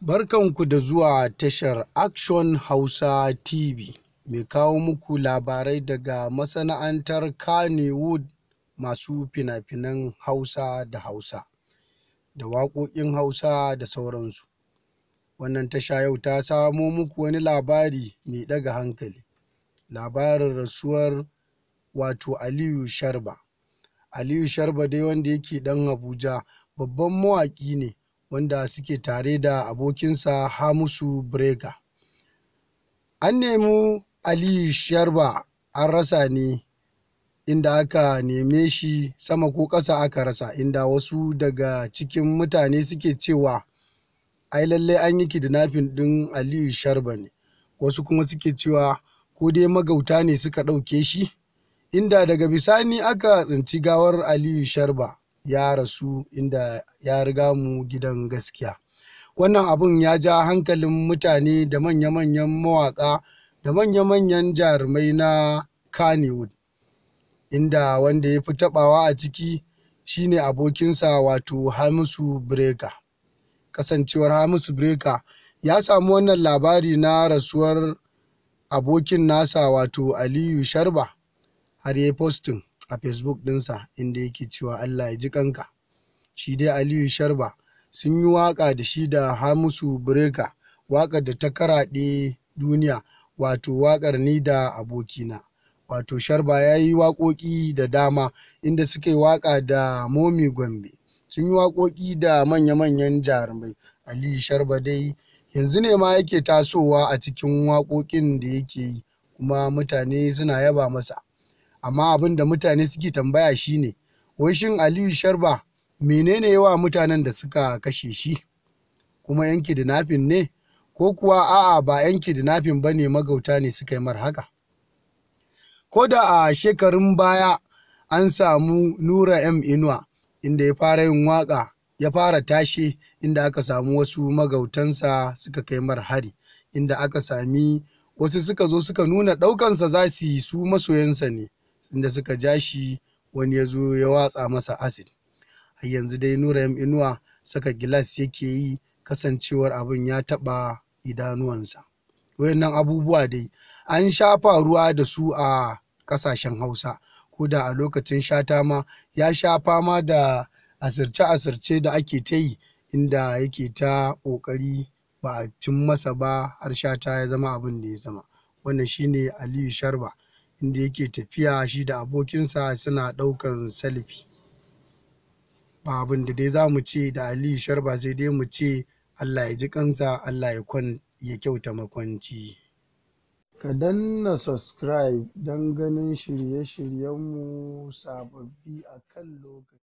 Barkanku da zuwa tashar Action Hausa TV mai kawo muku labarai daga masana'antar Kannywood masu fina-finan Hausa da Hausa, da waƙoƙin Hausa da sauransu. Wannan tasha yau ta samo muku wani labari mai ɗaga hankali, labarin rasuwar wato Aliyu sharba Aliyu sharba dai wanda yake ɗan Abuja, babban mawaƙi ne wanda suke tare da abokinsa hamusu Brega. An nemi ali sharba an rasa ne inda aka neme shi sama ko ƙasa aka rasa inda wasu daga cikin mutane suke cewa ai lallai an yi kidnapping ɗin Aliyu sharba ne wasu kuma suke cewa ko dai magauta ne suka ɗauke shi inda daga bisani aka tsinci gawar Aliyu sharba. ya rasu inda ya riga mu gidan gaskiya wannan abun ya ja hankalin mutane da manya-manyan mawaƙa da manya-manyan jarumai na kannywood inda wanda ya fi taɓawa a ciki shine abokinsa wato hamisu breka kasancewar hamisu breka ya samu wannan labari na rasuwar abokin nasa wato aliyu sharba har ya postin a facebook dinsa inda yake cewa Allah ya ji kanka. Shi dai Aliyu Sharba sun yi waka da shi da Hamisu breka waƙar da ta karaɗe duniya wato wakar Ni da Abokina. Wato Sharba ya yi waƙoƙi da dama inda suka yi waƙa da Momi Gombe. Sun yi waƙoƙi da manya-manyan jarumai. Aliyu Sharba dai yanzu ne ma yake tasowa a cikin waƙoƙin da yake yi kuma mutane suna yaba masa. amma abin da mutane suke tambaya shine wai shin aliyu sharba menene yawa mutanen da suka kashe shi kuma yan kidnapping ne ko kuwa a'a ba yan kidnapping ba ne magauta ne suka yi mar haka ko da a shekarun baya an samu nura m inuwa inda ya fara yin waka ya fara tashe inda aka samu wasu magautansa suka kai mar hari inda aka sami wasu suka zo suka nuna ɗaukansa za su yi su masoyansa ne inda suka ja shi wani ya zo ya watsa masa acid A yanzu dai nura inuwa saka gilas yake yi kasancewar abin ya taɓa idanuwansa wayannan abubuwa dai an shafa ruwa da su a ƙasashen hausa ko da a lokacin shata ma ya sha fama da asirce-asirce da ake ta yi inda yake ta ƙoƙari ba a cin masa ba har shata ya zama abin da ya zama wannan shine aliyu sharba inda yake tafiya shi da abokinsa suna ɗaukan salifi. ba abin da dai za mu ce da aliyu sharba sai dai mu ce allah ya ji kansa allah ya kyauta makwanci ka danna subscribe don ganin shirye-shiryenmu sababbi a kan lokaci